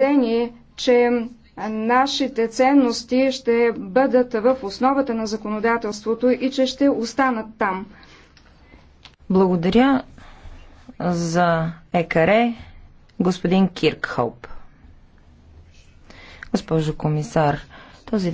убедени, че нашите ценности ще бъдат в основата на законодателството и че ще останат там. Благодаря за екаре господин Киркхоп. Госпожо комисар, този